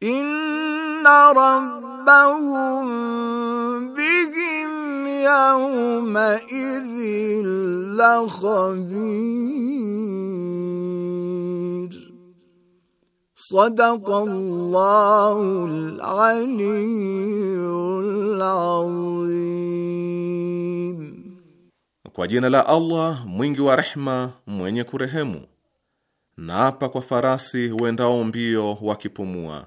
inna rabbahum bihim yawma idhin lakhabir صدق الله العلي العظيم Kwa jina la Allah mwingi wa rehma mwenye kurehemu. Naapa kwa farasi wendao mbio wakipumua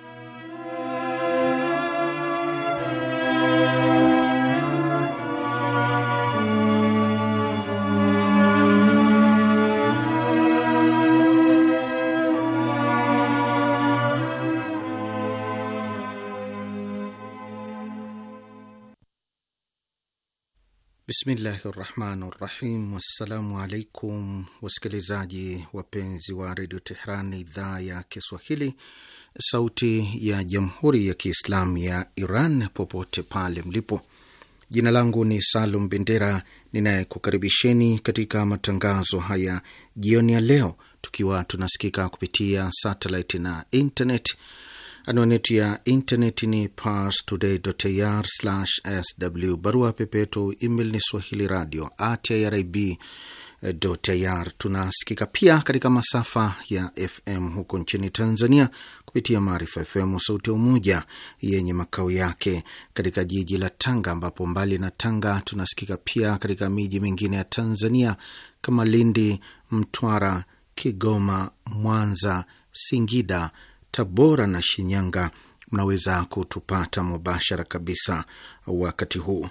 Bismillahi rahmani rahim. Wassalamu alaikum wasikilizaji wapenzi wa redio Tehran, idhaa ya Kiswahili, sauti ya jamhuri ya Kiislamu ya Iran, popote pale mlipo. Jina langu ni Salum Bendera ninayekukaribisheni katika matangazo haya jioni ya leo, tukiwa tunasikika kupitia satellite na internet Anwani yetu ya intaneti ni parstoday.ir/sw. Barua pepeto email ni swahili radio at irib ir. Tunasikika pia katika masafa ya FM huko nchini Tanzania kupitia Maarifa FM Sauti ya Umoja yenye makao yake katika jiji la Tanga, ambapo mbali na Tanga tunasikika pia katika miji mingine ya Tanzania kama Lindi, Mtwara, Kigoma, Mwanza, Singida Tabora na Shinyanga mnaweza kutupata mubashara kabisa wakati huu.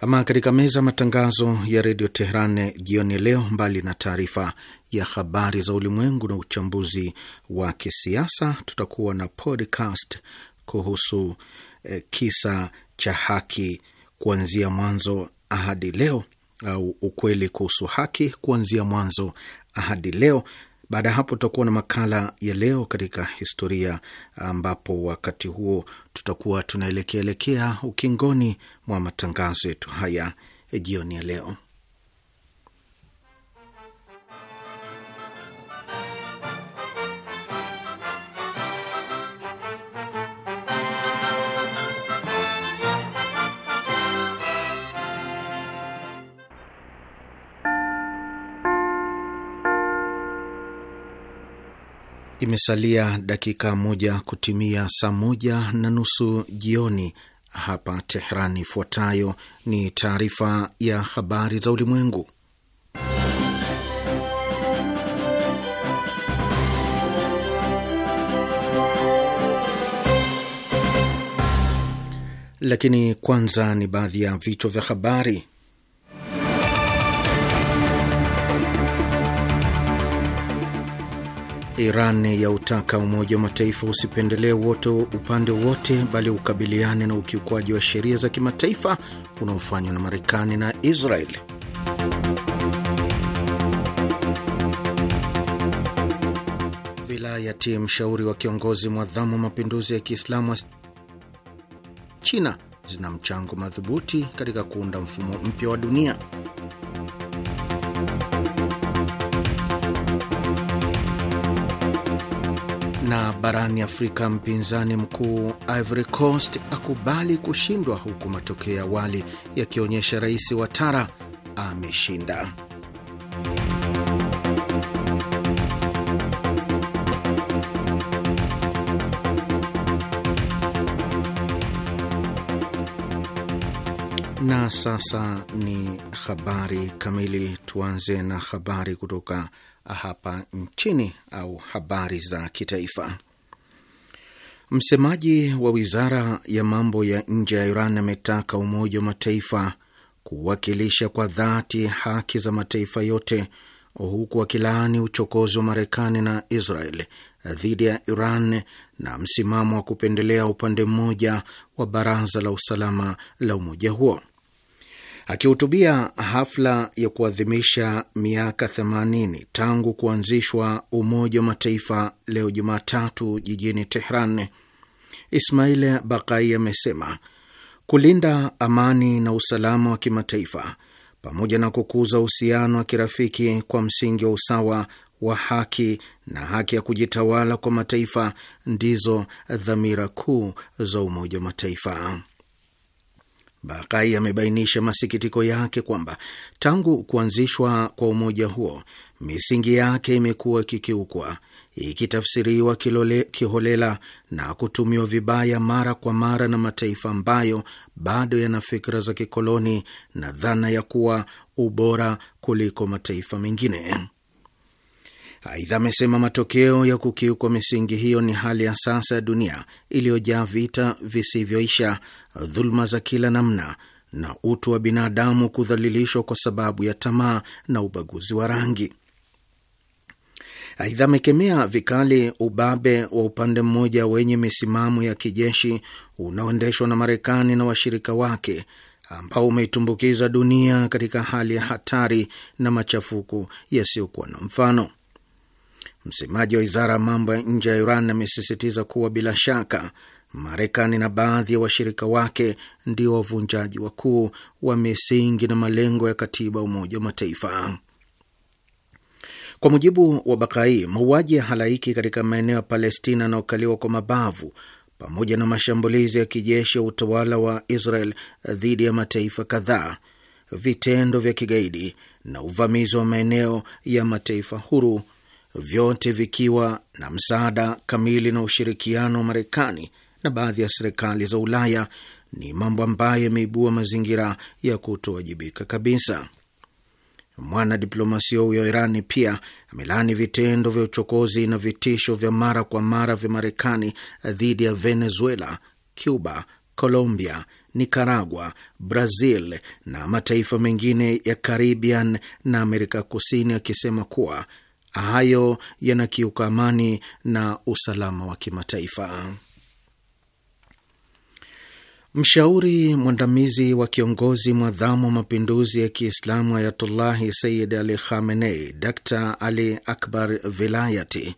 Ama katika meza matangazo ya redio Tehran jioni leo, mbali na taarifa ya habari za ulimwengu na uchambuzi wa kisiasa, tutakuwa na podcast kuhusu eh, kisa cha haki kuanzia mwanzo hadi leo, au ukweli kuhusu haki kuanzia mwanzo hadi leo, baada ya hapo, tutakuwa na makala ya leo katika historia, ambapo wakati huo tutakuwa tunaelekeaelekea ukingoni mwa matangazo yetu haya jioni ya leo. Imesalia dakika moja kutimia saa moja na nusu jioni hapa Tehran. Ifuatayo ni taarifa ya habari za ulimwengu, lakini kwanza ni baadhi ya vichwa vya habari. Iran yautaka Umoja wa Mataifa usipendelee wote upande wote, bali ukabiliane na ukiukwaji wa sheria za kimataifa unaofanywa na Marekani na israel Vilayati, mshauri wa kiongozi mwadhamu wa mapinduzi ya Kiislamu China zina mchango madhubuti katika kuunda mfumo mpya wa dunia. Barani Afrika, mpinzani mkuu Ivory Coast akubali kushindwa, huku matokeo ya awali yakionyesha Rais tara ameshinda. Na sasa ni habari kamili. Tuanze na habari kutoka hapa nchini au habari za kitaifa. Msemaji wa wizara ya mambo ya nje ya Iran ametaka Umoja wa Mataifa kuwakilisha kwa dhati haki za mataifa yote huku akilaani uchokozi wa Marekani na Israel dhidi ya Iran na msimamo wa kupendelea upande mmoja wa Baraza la Usalama la umoja huo. Akihutubia hafla ya kuadhimisha miaka 80 tangu kuanzishwa Umoja wa Mataifa leo Jumatatu jijini Tehran, Ismail Bakai amesema kulinda amani na usalama wa kimataifa pamoja na kukuza uhusiano wa kirafiki kwa msingi wa usawa wa haki na haki ya kujitawala kwa mataifa ndizo dhamira kuu za Umoja wa Mataifa. Bakai amebainisha masikitiko yake kwamba tangu kuanzishwa kwa umoja huo misingi yake imekuwa ikikiukwa, ikitafsiriwa kiholela na kutumiwa vibaya mara kwa mara na mataifa ambayo bado yana fikra za kikoloni na dhana ya kuwa ubora kuliko mataifa mengine. Aidha amesema matokeo ya kukiukwa misingi hiyo ni hali ya sasa ya dunia iliyojaa vita visivyoisha, dhuluma za kila namna na utu wa binadamu kudhalilishwa kwa sababu ya tamaa na ubaguzi wa rangi. Aidha amekemea vikali ubabe wa upande mmoja wenye misimamo ya kijeshi unaoendeshwa na Marekani na washirika wake ambao umeitumbukiza dunia katika hali ya hatari na machafuko yasiyokuwa na mfano. Msemaji wa wizara ya mambo ya nje ya Iran amesisitiza kuwa bila shaka Marekani na baadhi ya wa washirika wake ndio wavunjaji wakuu wa misingi na malengo ya katiba Umoja wa Mataifa. Kwa mujibu wa Bakai, mauaji ya halaiki katika maeneo ya Palestina yanaokaliwa kwa mabavu pamoja na mashambulizi ya kijeshi ya utawala wa Israel dhidi ya mataifa kadhaa, vitendo vya kigaidi na uvamizi wa maeneo ya mataifa huru vyote vikiwa na msaada kamili na ushirikiano wa Marekani na baadhi ya serikali za Ulaya, ni mambo ambayo yameibua mazingira ya kutowajibika kabisa. Mwanadiplomasia huyo Irani pia amelaani vitendo vya uchokozi na vitisho vya mara kwa mara vya Marekani dhidi ya Venezuela, Cuba, Colombia, Nicaragua, Brazil na mataifa mengine ya Caribbean na Amerika Kusini, akisema kuwa hayo yanakiuka amani na usalama wa kimataifa. Mshauri mwandamizi wa kiongozi mwadhamu wa mapinduzi ya Kiislamu Ayatullahi Sayyid Ali Khamenei, Dr Ali Akbar Vilayati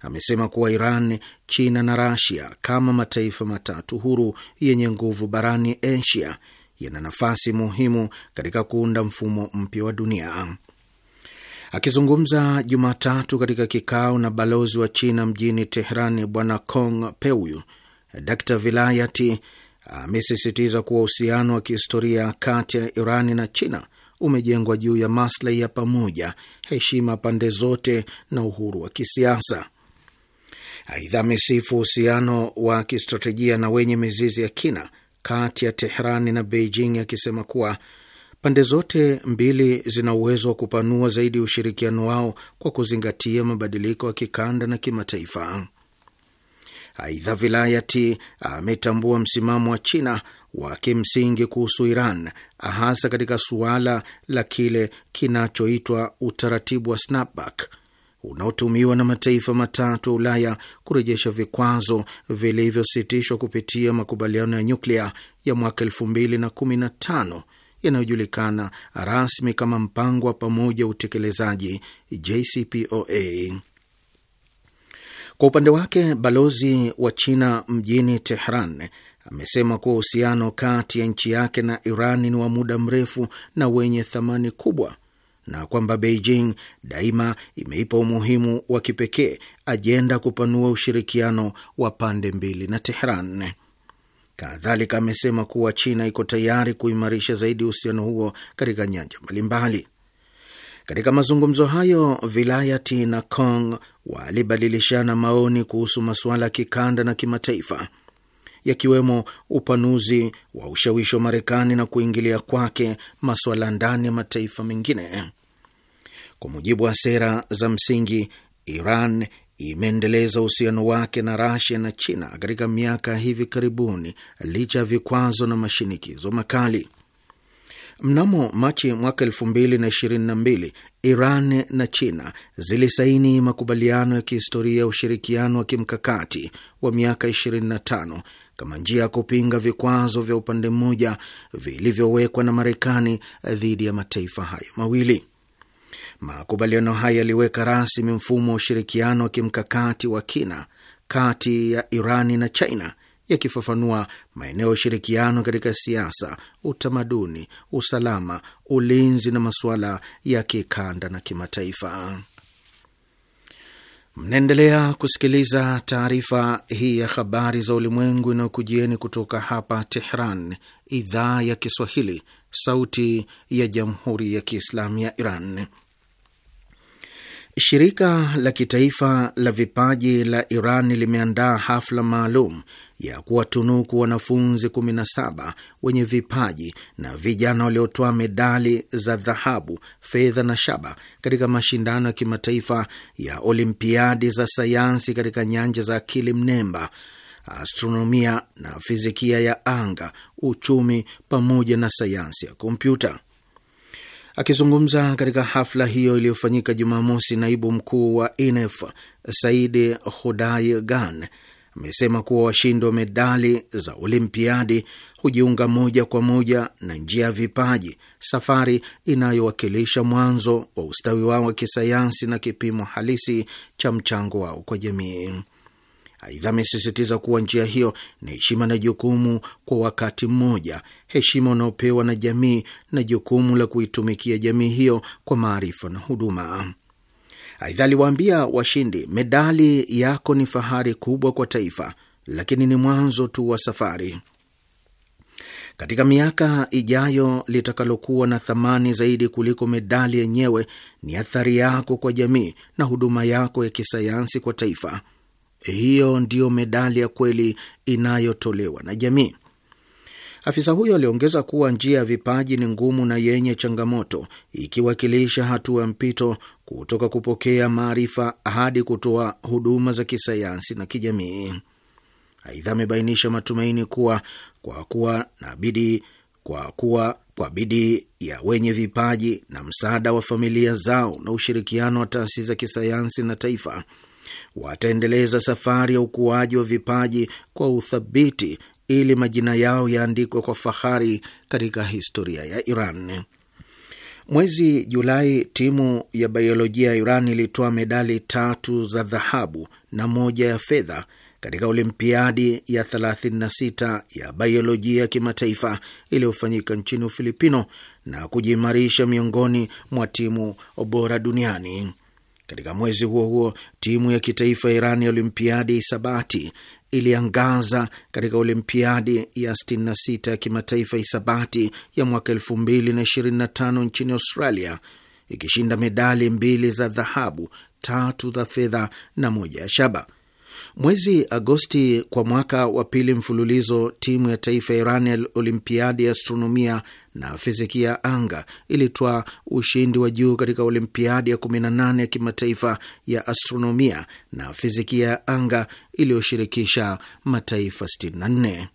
amesema kuwa Iran, China na Rasia kama mataifa matatu huru yenye nguvu barani Asia yana nafasi muhimu katika kuunda mfumo mpya wa dunia. Akizungumza Jumatatu katika kikao na balozi wa China mjini Tehran, Bwana Kong Peuyu, Dr Vilayati amesisitiza kuwa uhusiano wa kihistoria kati ya Irani na China umejengwa juu ya maslahi ya pamoja, heshima pande zote na uhuru wa kisiasa. Aidha, amesifu uhusiano wa kistratejia na wenye mizizi ya kina kati ya tehrani na Beijing akisema kuwa Pande zote mbili zina uwezo wa kupanua zaidi ushirikiano wao kwa kuzingatia mabadiliko ya kikanda na kimataifa. Aidha, Vilayati ametambua msimamo wa China wa kimsingi kuhusu Iran, hasa katika suala la kile kinachoitwa utaratibu wa snapback unaotumiwa na mataifa matatu ya Ulaya kurejesha vikwazo vilivyositishwa kupitia makubaliano ya nyuklia ya mwaka elfu mbili na kumi na tano yanayojulikana rasmi kama mpango wa pamoja wa utekelezaji JCPOA. Kwa upande wake, balozi wa China mjini Tehran amesema kuwa uhusiano kati ya nchi yake na Iran ni wa muda mrefu na wenye thamani kubwa na kwamba Beijing daima imeipa umuhimu wa kipekee ajenda kupanua ushirikiano wa pande mbili na Tehran. Kadhalika amesema kuwa China iko tayari kuimarisha zaidi uhusiano huo katika nyanja mbalimbali. Katika mazungumzo hayo, vilayati na Kong walibadilishana maoni kuhusu masuala ya kikanda na kimataifa yakiwemo upanuzi wa ushawishi wa Marekani na kuingilia kwake masuala ndani ya mataifa mengine. Kwa mujibu wa sera za msingi, Iran imeendeleza uhusiano wake na Rasia na China katika miaka hivi karibuni licha ya vikwazo na mashinikizo makali. Mnamo Machi mwaka mbili Iran na China zilisaini makubaliano ya kihistoria ya ushirikiano wa kimkakati wa miaka 25 kama njia ya kupinga vikwazo vya upande mmoja vilivyowekwa na Marekani dhidi ya mataifa hayo mawili. Makubaliano haya yaliweka rasmi mfumo wa ushirikiano wa kimkakati wa kina kati ya Irani na China, yakifafanua maeneo ya ushirikiano katika siasa, utamaduni, usalama, ulinzi na masuala ya kikanda na kimataifa. Mnaendelea kusikiliza taarifa hii ya habari za ulimwengu inayokujieni kutoka hapa Tehran, idhaa ya Kiswahili, sauti ya jamhuri ya kiislamu ya Iran. Shirika la kitaifa la vipaji la Iran limeandaa hafla maalum ya kuwatunuku wanafunzi 17 wenye vipaji na vijana waliotoa medali za dhahabu, fedha na shaba katika mashindano ya kimataifa ya Olimpiadi za sayansi katika nyanja za akili mnemba, astronomia na fizikia ya anga, uchumi pamoja na sayansi ya kompyuta. Akizungumza katika hafla hiyo iliyofanyika Jumamosi, naibu mkuu wa INEF saidi Hudai Gan amesema kuwa washindi wa medali za Olimpiadi hujiunga moja kwa moja na njia ya vipaji, safari inayowakilisha mwanzo wa ustawi wao wa kisayansi na kipimo halisi cha mchango wao kwa jamii. Aidha, amesisitiza kuwa njia hiyo ni heshima na jukumu kwa wakati mmoja, heshima unaopewa na jamii na jukumu la kuitumikia jamii hiyo kwa maarifa na huduma. Aidha, aliwaambia washindi, medali yako ni fahari kubwa kwa taifa, lakini ni mwanzo tu wa safari. Katika miaka ijayo, litakalokuwa na thamani zaidi kuliko medali yenyewe ni athari yako kwa jamii na huduma yako ya kisayansi kwa taifa. Hiyo ndiyo medali ya kweli inayotolewa na jamii. Afisa huyo aliongeza kuwa njia ya vipaji ni ngumu na yenye changamoto, ikiwakilisha hatua ya mpito kutoka kupokea maarifa hadi kutoa huduma za kisayansi na kijamii. Aidha, amebainisha matumaini kuwa kwa kuwa na bidii, kwa kuwa kwa bidii ya wenye vipaji na msaada wa familia zao na ushirikiano wa taasisi za kisayansi na taifa wataendeleza safari ya ukuaji wa vipaji kwa uthabiti ili majina yao yaandikwe kwa fahari katika historia ya Iran. Mwezi Julai, timu ya baiolojia ya Iran ilitoa medali tatu za dhahabu na moja ya fedha katika Olimpiadi ya 36 ya baiolojia ya kimataifa iliyofanyika nchini Ufilipino na kujiimarisha miongoni mwa timu bora duniani. Katika mwezi huo huo, timu ya kitaifa ya Iran ya Olimpiadi hisabati iliangaza katika Olimpiadi ya 66 ya kimataifa hisabati ya mwaka 2025 nchini Australia, ikishinda medali mbili za dhahabu, tatu za fedha na moja ya shaba. Mwezi Agosti kwa mwaka wa pili mfululizo, timu ya taifa ya Iran ya olimpiadi ya astronomia na fizikia ya anga ilitoa ushindi wa juu katika olimpiadi ya 18 ya kimataifa ya astronomia na fizikia ya anga iliyoshirikisha mataifa 64.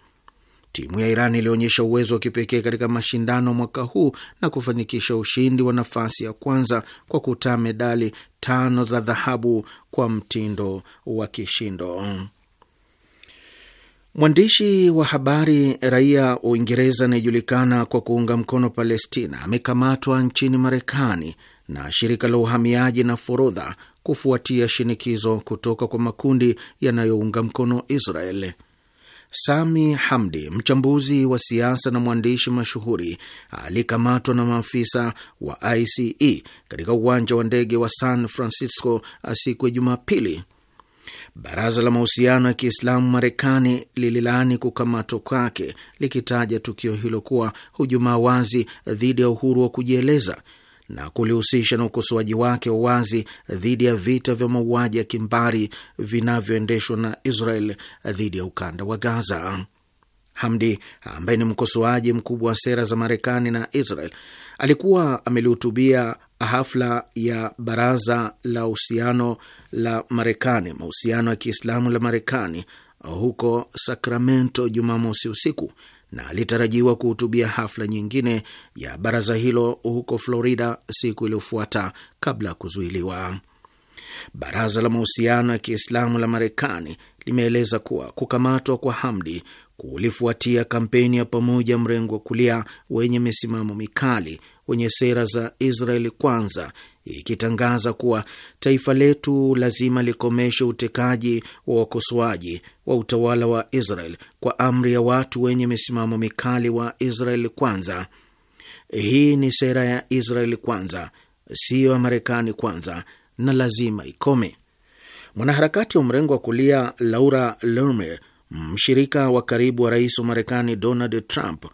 Timu ya Iran ilionyesha uwezo wa kipekee katika mashindano mwaka huu na kufanikisha ushindi wa nafasi ya kwanza kwa kutaa medali tano za dhahabu kwa mtindo wa kishindo. Mwandishi wa habari raia Uingereza anayejulikana kwa kuunga mkono Palestina amekamatwa nchini Marekani na shirika la uhamiaji na forodha kufuatia shinikizo kutoka kwa makundi yanayounga mkono Israel. Sami Hamdi, mchambuzi wa siasa na mwandishi mashuhuri, alikamatwa na maafisa wa ICE katika uwanja wa ndege wa San Francisco uh, siku ya Jumapili. Baraza la mahusiano ya Kiislamu Marekani lililaani kukamatwa kwake, likitaja tukio hilo kuwa hujuma wazi dhidi ya uhuru wa kujieleza na kulihusisha na ukosoaji wake wa wazi dhidi ya vita vya mauaji ya kimbari vinavyoendeshwa na Israel dhidi ya ukanda wa Gaza. Hamdi ambaye ni mkosoaji mkubwa wa sera za Marekani na Israel alikuwa amelihutubia hafla ya Baraza la Uhusiano la Marekani, mahusiano ya Kiislamu la Marekani huko Sacramento Jumamosi usiku na alitarajiwa kuhutubia hafla nyingine ya baraza hilo huko Florida siku iliyofuata kabla ya kuzuiliwa. Baraza la mahusiano ya Kiislamu la Marekani limeeleza kuwa kukamatwa kwa Hamdi kulifuatia kampeni ya pamoja mrengo wa kulia wenye misimamo mikali wenye sera za Israeli Kwanza, ikitangaza kuwa taifa letu lazima likomeshe utekaji wa wakosoaji wa utawala wa Israel kwa amri ya watu wenye misimamo mikali wa Israel Kwanza. Hii ni sera ya Israel Kwanza, siyo ya Marekani Kwanza, na lazima ikome. Mwanaharakati wa mrengo wa kulia Laura Lerme, mshirika wa karibu wa rais wa Marekani Donald Trump,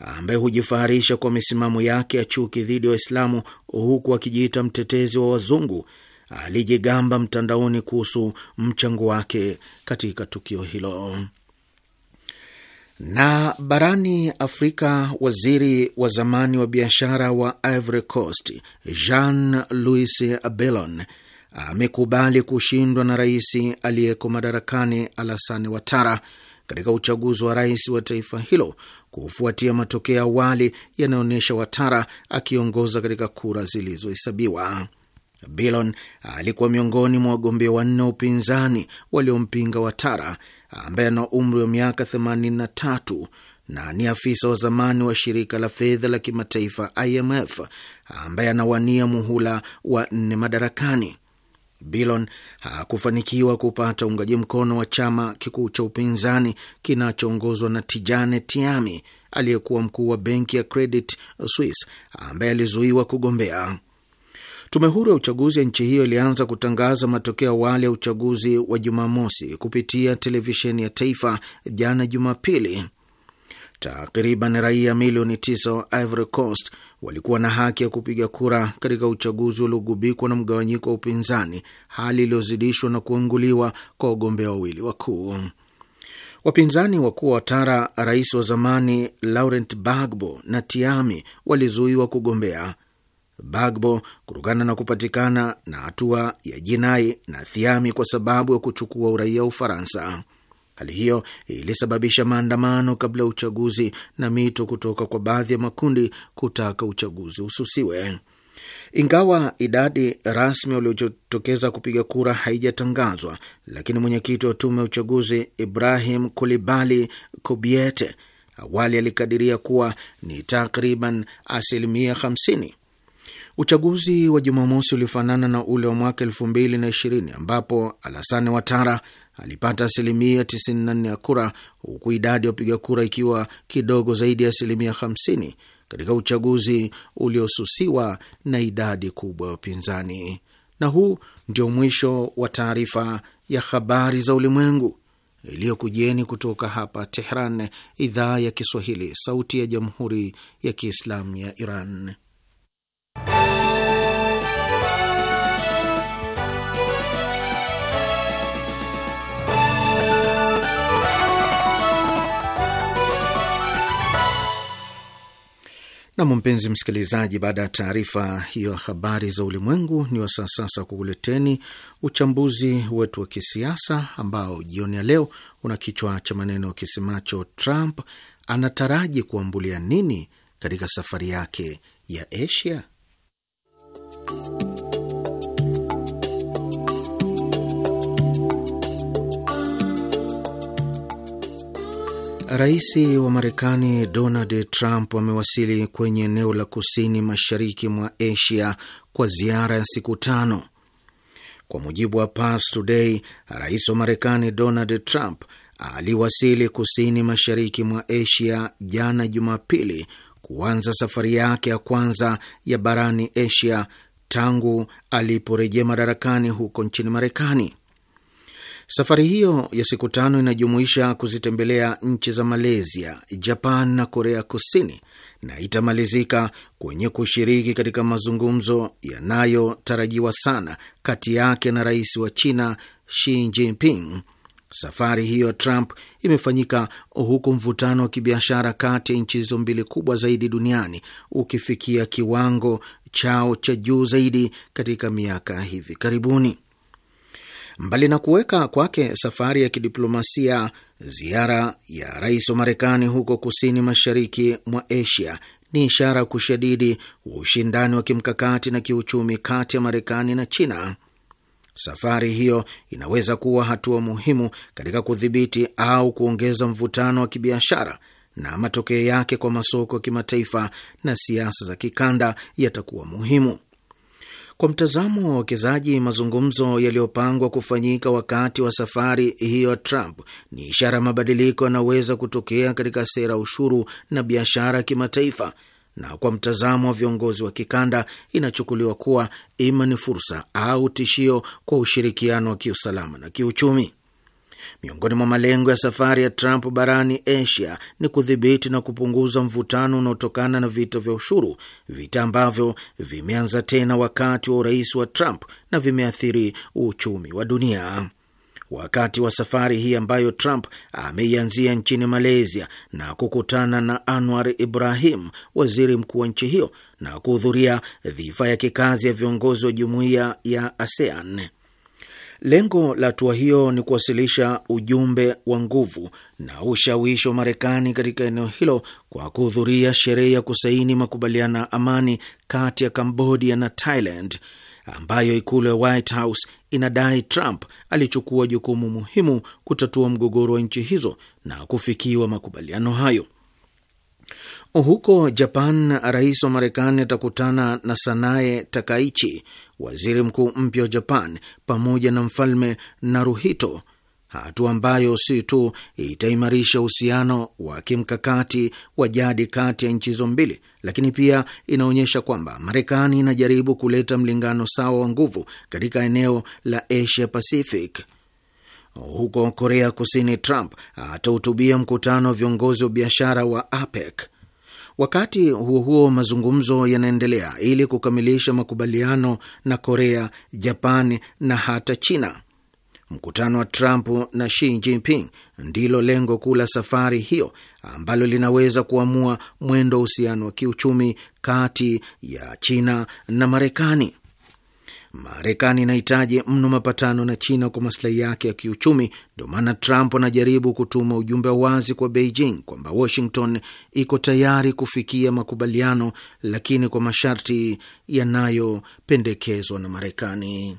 ambaye hujifaharisha kwa misimamo yake ya chuki dhidi ya Waislamu huku akijiita mtetezi wa wazungu alijigamba mtandaoni kuhusu mchango wake katika tukio hilo. Na barani Afrika, waziri wa zamani wa biashara wa Ivory Coast Jean Louis Bellon amekubali kushindwa na rais aliyeko madarakani Alassane Ouattara katika uchaguzi wa rais wa taifa hilo kufuatia matokeo awali yanayoonyesha Watara akiongoza katika kura zilizohesabiwa. Bilon alikuwa miongoni mwa wagombea wanne wa upinzani waliompinga Watara ambaye ana umri wa miaka 83 na ni afisa wa zamani wa shirika la fedha la kimataifa IMF ambaye anawania muhula wa nne madarakani. Bilon hakufanikiwa kupata uungaji mkono wa chama kikuu cha upinzani kinachoongozwa na Tijane Tiami, aliyekuwa mkuu wa benki ya Credit Suisse ambaye alizuiwa kugombea. Tume huru ya uchaguzi ya nchi hiyo ilianza kutangaza matokeo awali ya uchaguzi wa Jumamosi kupitia televisheni ya taifa jana Jumapili. Takriban raia milioni 9 wa Ivory Coast walikuwa na haki ya kupiga kura katika uchaguzi uliogubikwa na mgawanyiko wa upinzani, hali iliyozidishwa na kuanguliwa kwa wagombea wawili wakuu. Wapinzani wakuu watara rais wa zamani Laurent bagbo na Tiami walizuiwa kugombea. Bagbo kutokana na kupatikana na hatua ya jinai na Thiami kwa sababu ya kuchukua uraia wa Ufaransa. Hali hiyo ilisababisha maandamano kabla ya uchaguzi na mito kutoka kwa baadhi ya makundi kutaka uchaguzi hususiwe Ingawa idadi rasmi waliojitokeza kupiga kura haijatangazwa, lakini mwenyekiti wa tume ya uchaguzi Ibrahim Kulibali Kobiete awali alikadiria kuwa ni takriban asilimia 50. Uchaguzi wa Jumamosi ulifanana na ule wa mwaka elfu mbili na ishirini ambapo Alasane Watara alipata asilimia 94 ya kura huku idadi ya wapiga kura ikiwa kidogo zaidi ya asilimia 50 katika uchaguzi uliosusiwa na idadi kubwa ya upinzani. Na huu ndio mwisho wa taarifa ya habari za ulimwengu iliyokujieni kutoka hapa Tehran, idhaa ya Kiswahili, sauti ya jamhuri ya kiislamu ya Iran. Nam, mpenzi msikilizaji, baada ya taarifa hiyo habari za ulimwengu, ni wasaa sasa kukuleteni uchambuzi wetu wa kisiasa ambao jioni ya leo una kichwa cha maneno kisemacho Trump anataraji kuambulia nini katika safari yake ya Asia. Rais wa Marekani Donald Trump amewasili kwenye eneo la kusini mashariki mwa Asia kwa ziara ya siku tano. Kwa mujibu wa Pars Today, rais wa Marekani Donald Trump aliwasili kusini mashariki mwa Asia jana Jumapili, kuanza safari yake ya kwanza ya barani Asia tangu aliporejea madarakani huko nchini Marekani. Safari hiyo ya siku tano inajumuisha kuzitembelea nchi za Malaysia, Japan na Korea Kusini na itamalizika kwenye kushiriki katika mazungumzo yanayotarajiwa sana kati yake na rais wa China Xi Jinping. Safari hiyo Trump imefanyika huku mvutano wa kibiashara kati ya nchi hizo mbili kubwa zaidi duniani ukifikia kiwango chao cha juu zaidi katika miaka hivi karibuni. Mbali na kuweka kwake safari ya kidiplomasia, ziara ya rais wa Marekani huko kusini mashariki mwa Asia ni ishara ya kushadidi ushindani wa kimkakati na kiuchumi kati ya Marekani na China. Safari hiyo inaweza kuwa hatua muhimu katika kudhibiti au kuongeza mvutano wa kibiashara na matokeo yake kwa masoko ya kimataifa na siasa za kikanda yatakuwa muhimu. Kwa mtazamo wa wawekezaji, mazungumzo yaliyopangwa kufanyika wakati wa safari hiyo ya Trump ni ishara ya mabadiliko yanaweza kutokea katika sera ushuru na biashara ya kimataifa, na kwa mtazamo wa viongozi wa kikanda inachukuliwa kuwa ima ni fursa au tishio kwa ushirikiano wa kiusalama na kiuchumi. Miongoni mwa malengo ya safari ya Trump barani Asia ni kudhibiti na kupunguza mvutano unaotokana na vita vya ushuru, vita ambavyo vimeanza tena wakati wa urais wa Trump na vimeathiri uchumi wa dunia. Wakati wa safari hii ambayo Trump ameianzia nchini Malaysia na kukutana na Anwar Ibrahim, waziri mkuu wa nchi hiyo, na kuhudhuria dhifa ya kikazi ya viongozi wa jumuiya ya ASEAN. Lengo la hatua hiyo ni kuwasilisha ujumbe wa nguvu na ushawishi wa Marekani katika eneo hilo kwa kuhudhuria sherehe ya kusaini makubaliano ya amani kati ya Kambodia na Thailand ambayo ikulu ya White House inadai Trump alichukua jukumu muhimu kutatua mgogoro wa nchi hizo na kufikiwa makubaliano hayo. Huko Japan, rais wa Marekani atakutana na Sanae Takaichi, waziri mkuu mpya wa Japan pamoja na mfalme Naruhito, hatua ambayo si tu itaimarisha uhusiano wa kimkakati wa jadi kati ya nchi hizo mbili, lakini pia inaonyesha kwamba Marekani inajaribu kuleta mlingano sawa wa nguvu katika eneo la Asia Pacific. Huko Korea Kusini, Trump atahutubia mkutano wa viongozi wa biashara wa APEC. Wakati huo huo, mazungumzo yanaendelea ili kukamilisha makubaliano na Korea, Japan na hata China. Mkutano wa Trump na Xi Jinping ndilo lengo kuu la safari hiyo ambalo linaweza kuamua mwendo wa uhusiano wa kiuchumi kati ya China na Marekani. Marekani inahitaji mno mapatano na China kwa masilahi yake ya kiuchumi. Ndio maana Trump anajaribu kutuma ujumbe wazi kwa Beijing kwamba Washington iko tayari kufikia makubaliano, lakini kwa masharti yanayopendekezwa na Marekani.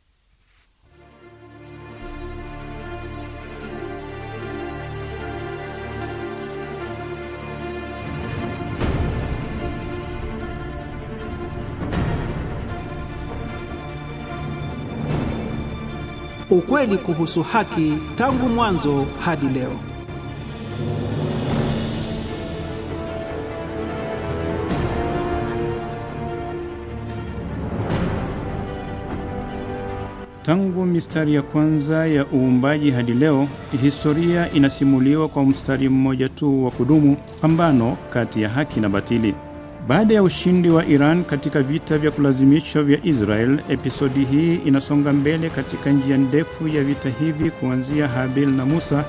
ukweli kuhusu haki tangu mwanzo hadi leo. Tangu mistari ya kwanza ya uumbaji hadi leo, historia inasimuliwa kwa mstari mmoja tu wa kudumu, pambano kati ya haki na batili. Baada ya ushindi wa Iran katika vita vya kulazimishwa vya Israel, episodi hii inasonga mbele katika njia ndefu ya vita hivi kuanzia Habil na Musa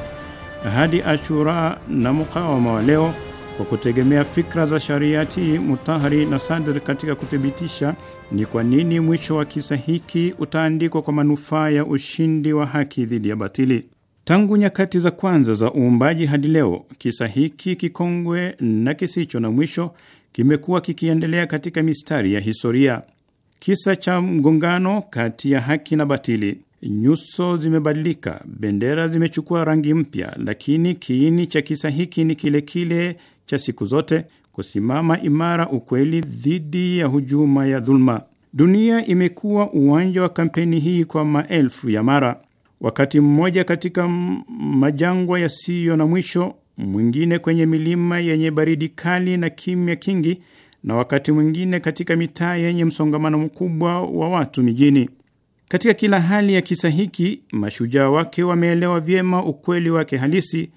hadi Ashura na mukawama wa leo kwa kutegemea fikra za Shariati, Mutahari na Sadr katika kuthibitisha ni kwa nini mwisho wa kisa hiki utaandikwa kwa manufaa ya ushindi wa haki dhidi ya batili. Tangu nyakati za kwanza za uumbaji hadi leo, kisa hiki kikongwe na kisicho na mwisho kimekuwa kikiendelea katika mistari ya historia. Kisa cha mgongano kati ya haki na batili, nyuso zimebadilika, bendera zimechukua rangi mpya, lakini kiini cha kisa hiki ni kile kile cha siku zote, kusimama imara ukweli dhidi ya hujuma ya dhuluma. Dunia imekuwa uwanja wa kampeni hii kwa maelfu ya mara. Wakati mmoja katika majangwa yasiyo na mwisho mwingine kwenye milima yenye baridi kali na kimya kingi, na wakati mwingine katika mitaa yenye msongamano mkubwa wa watu mijini. Katika kila hali ya kisa hiki, mashujaa wake wameelewa vyema ukweli wake halisi: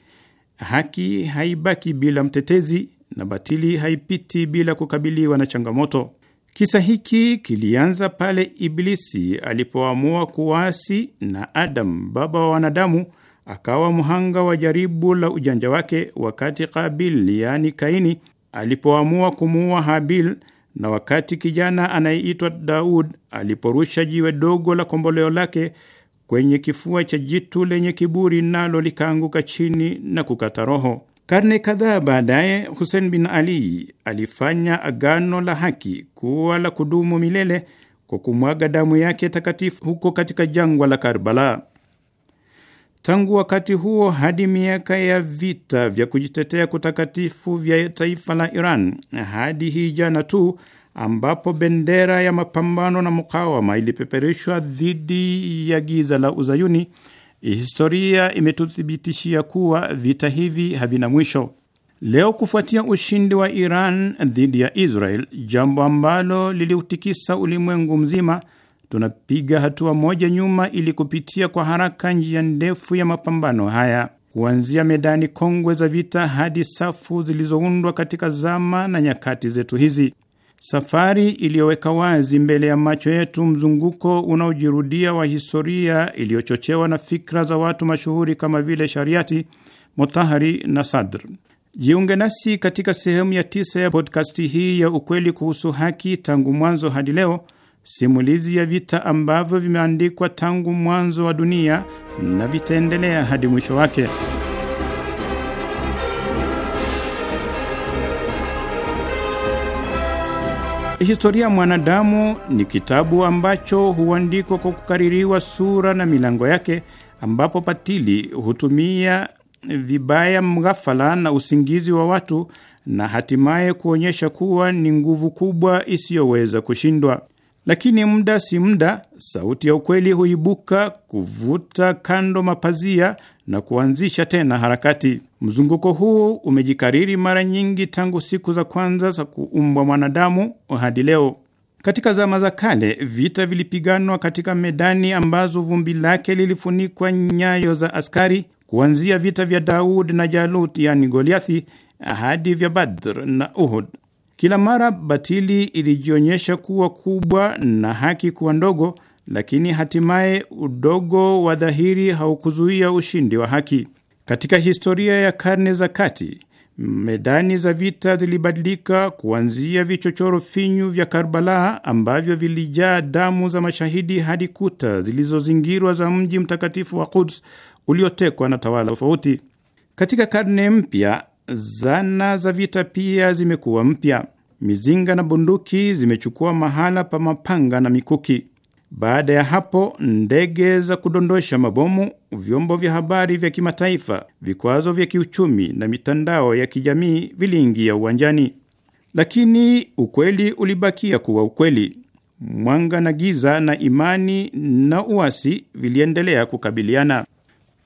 haki haibaki bila mtetezi na batili haipiti bila kukabiliwa na changamoto. Kisa hiki kilianza pale Iblisi alipoamua kuasi na Adam, baba wa wanadamu akawa mhanga wa jaribu la ujanja wake wakati Kabil, yaani Kaini, alipoamua kumuua Habil na wakati kijana anayeitwa Daud aliporusha jiwe dogo la komboleo lake kwenye kifua cha jitu lenye kiburi, nalo likaanguka chini na kukata roho. Karne kadhaa baadaye, Hussein bin Ali alifanya agano la haki kuwa la kudumu milele kwa kumwaga damu yake takatifu huko katika jangwa la Karbala. Tangu wakati huo hadi miaka ya vita vya kujitetea kutakatifu vya taifa la Iran hadi hii jana tu ambapo bendera ya mapambano na mukawama ilipeperushwa dhidi ya giza la Uzayuni, historia imetuthibitishia kuwa vita hivi havina mwisho. Leo kufuatia ushindi wa Iran dhidi ya Israel, jambo ambalo liliutikisa ulimwengu mzima tunapiga hatua moja nyuma ili kupitia kwa haraka njia ndefu ya mapambano haya kuanzia medani kongwe za vita hadi safu zilizoundwa katika zama na nyakati zetu hizi. Safari iliyoweka wazi mbele ya macho yetu mzunguko unaojirudia wa historia iliyochochewa na fikra za watu mashuhuri kama vile Shariati, Motahari na Sadr. Jiunge nasi katika sehemu ya tisa ya podkasti hii ya ukweli kuhusu haki, tangu mwanzo hadi leo simulizi ya vita ambavyo vimeandikwa tangu mwanzo wa dunia na vitaendelea hadi mwisho wake. Historia ya mwanadamu ni kitabu ambacho huandikwa kwa kukaririwa sura na milango yake, ambapo patili hutumia vibaya mghafala na usingizi wa watu na hatimaye kuonyesha kuwa ni nguvu kubwa isiyoweza kushindwa lakini muda si muda sauti ya ukweli huibuka kuvuta kando mapazia na kuanzisha tena harakati. Mzunguko huu umejikariri mara nyingi tangu siku za kwanza za kuumbwa mwanadamu hadi leo. Katika zama za kale, vita vilipiganwa katika medani ambazo vumbi lake lilifunikwa nyayo za askari, kuanzia vita vya Daudi na Jalut, yani Goliathi, hadi vya Badr na Uhud. Kila mara batili ilijionyesha kuwa kubwa na haki kuwa ndogo, lakini hatimaye udogo wa dhahiri haukuzuia ushindi wa haki. Katika historia ya karne za kati, medani za vita zilibadilika kuanzia vichochoro finyu vya Karbala ambavyo vilijaa damu za mashahidi hadi kuta zilizozingirwa za mji mtakatifu wa Quds uliotekwa na tawala tofauti. Katika karne mpya zana za vita pia zimekuwa mpya. Mizinga na bunduki zimechukua mahala pa mapanga na mikuki. Baada ya hapo, ndege za kudondosha mabomu, vyombo vya habari vya kimataifa, vikwazo vya kiuchumi na mitandao ya kijamii viliingia uwanjani, lakini ukweli ulibakia kuwa ukweli. Mwanga na giza na imani na uasi viliendelea kukabiliana.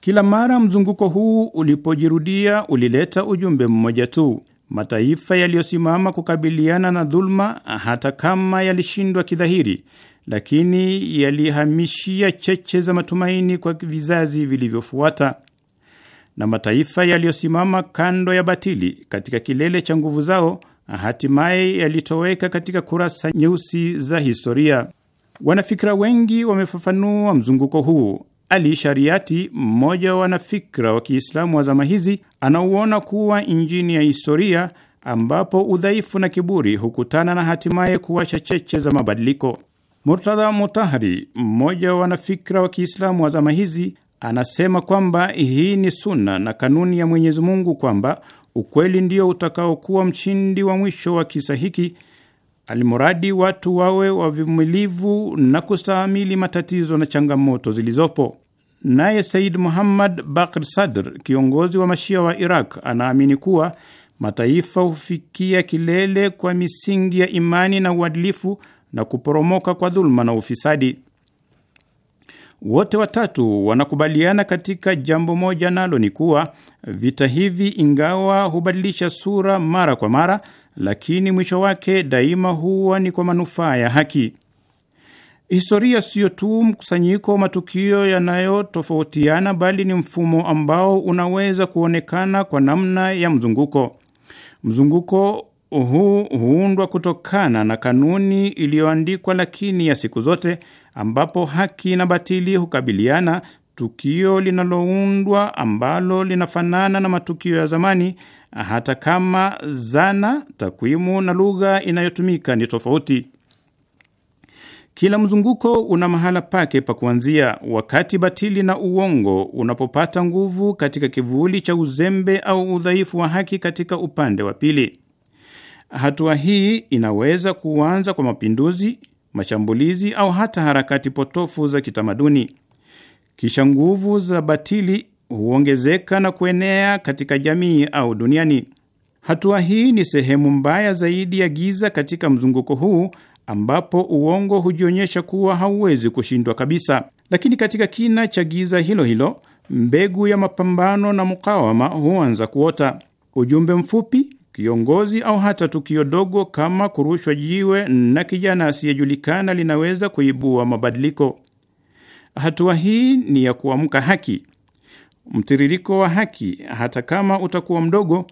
Kila mara mzunguko huu ulipojirudia ulileta ujumbe mmoja tu: mataifa yaliyosimama kukabiliana na dhuluma, hata kama yalishindwa kidhahiri, lakini yalihamishia cheche za matumaini kwa vizazi vilivyofuata, na mataifa yaliyosimama kando ya batili katika kilele cha nguvu zao hatimaye yalitoweka katika kurasa nyeusi za historia. Wanafikira wengi wamefafanua mzunguko huu ali Shariati, mmoja wa wanafikra wa Kiislamu wa zama hizi, anauona kuwa injini ya historia ambapo udhaifu na kiburi hukutana na hatimaye kuwasha cheche za mabadiliko. Murtadha Mutahari, mmoja wa wanafikra wa Kiislamu wa zama hizi, anasema kwamba hii ni sunna na kanuni ya Mwenyezi Mungu, kwamba ukweli ndio utakaokuwa mshindi wa mwisho wa kisa hiki alimuradi watu wawe wavumilivu na kustahamili matatizo na changamoto zilizopo. Naye Said Muhammad Bakr Sadr, kiongozi wa Mashia wa Iraq, anaamini kuwa mataifa hufikia kilele kwa misingi ya imani na uadilifu na kuporomoka kwa dhuluma na ufisadi. Wote watatu wanakubaliana katika jambo moja, nalo ni kuwa vita hivi, ingawa hubadilisha sura mara kwa mara, lakini mwisho wake daima huwa ni kwa manufaa ya haki. Historia siyo tu mkusanyiko wa matukio yanayotofautiana, bali ni mfumo ambao unaweza kuonekana kwa namna ya mzunguko. Mzunguko huu huundwa kutokana na kanuni iliyoandikwa lakini ya siku zote, ambapo haki na batili hukabiliana, tukio linaloundwa ambalo linafanana na matukio ya zamani, hata kama zana, takwimu na lugha inayotumika ni tofauti. Kila mzunguko una mahala pake pa kuanzia. Wakati batili na uongo unapopata nguvu katika kivuli cha uzembe au udhaifu wa haki katika upande wa pili Hatua hii inaweza kuanza kwa mapinduzi, mashambulizi au hata harakati potofu za kitamaduni. Kisha nguvu za batili huongezeka na kuenea katika jamii au duniani. Hatua hii ni sehemu mbaya zaidi ya giza katika mzunguko huu ambapo uongo hujionyesha kuwa hauwezi kushindwa kabisa. Lakini katika kina cha giza hilo hilo, mbegu ya mapambano na mukawama huanza kuota. Ujumbe mfupi kiongozi au hata tukio dogo kama kurushwa jiwe na kijana asiyejulikana linaweza kuibua mabadiliko. Hatua hii ni ya kuamka haki, mtiririko wa haki, hata kama utakuwa mdogo,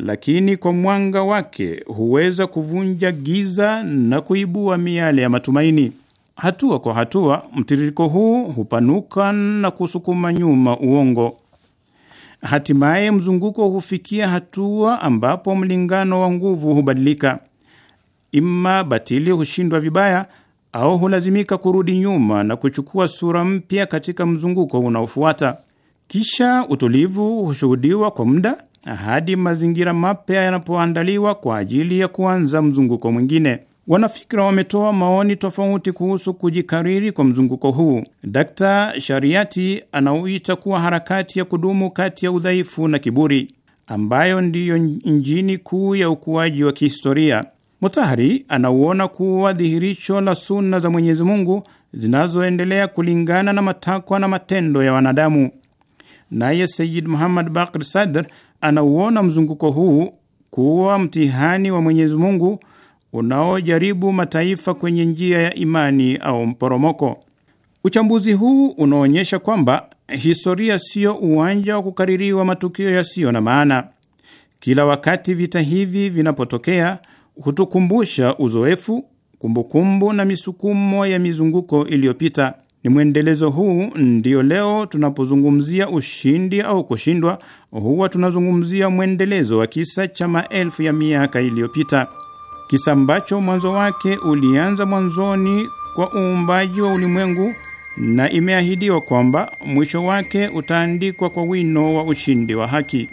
lakini kwa mwanga wake huweza kuvunja giza na kuibua miale ya matumaini. Hatua kwa hatua, mtiririko huu hupanuka na kusukuma nyuma uongo. Hatimaye mzunguko hufikia hatua ambapo mlingano wa nguvu hubadilika, ima batili hushindwa vibaya au hulazimika kurudi nyuma na kuchukua sura mpya katika mzunguko unaofuata. Kisha utulivu hushuhudiwa kwa muda hadi mazingira mapya yanapoandaliwa kwa ajili ya kuanza mzunguko mwingine. Wanafikira wametoa maoni tofauti kuhusu kujikariri kwa mzunguko huu. Dkt Shariati anauita kuwa harakati ya kudumu kati ya udhaifu na kiburi, ambayo ndiyo injini kuu ya ukuaji wa kihistoria. Mutahari anauona kuwa dhihirisho la sunna za Mwenyezi Mungu zinazoendelea kulingana na matakwa na matendo ya wanadamu. Naye Sayid Muhammad Bakr Sadr anauona mzunguko huu kuwa mtihani wa Mwenyezi Mungu unaojaribu mataifa kwenye njia ya imani au mporomoko. Uchambuzi huu unaonyesha kwamba historia siyo uwanja wa kukaririwa matukio yasiyo na maana. Kila wakati vita hivi vinapotokea, hutukumbusha uzoefu, kumbukumbu na misukumo ya mizunguko iliyopita. Ni mwendelezo huu ndiyo leo tunapozungumzia ushindi au kushindwa, huwa tunazungumzia mwendelezo wa kisa cha maelfu ya miaka iliyopita kisa ambacho mwanzo wake ulianza mwanzoni kwa uumbaji wa ulimwengu na imeahidiwa kwamba mwisho wake utaandikwa kwa wino wa ushindi wa haki.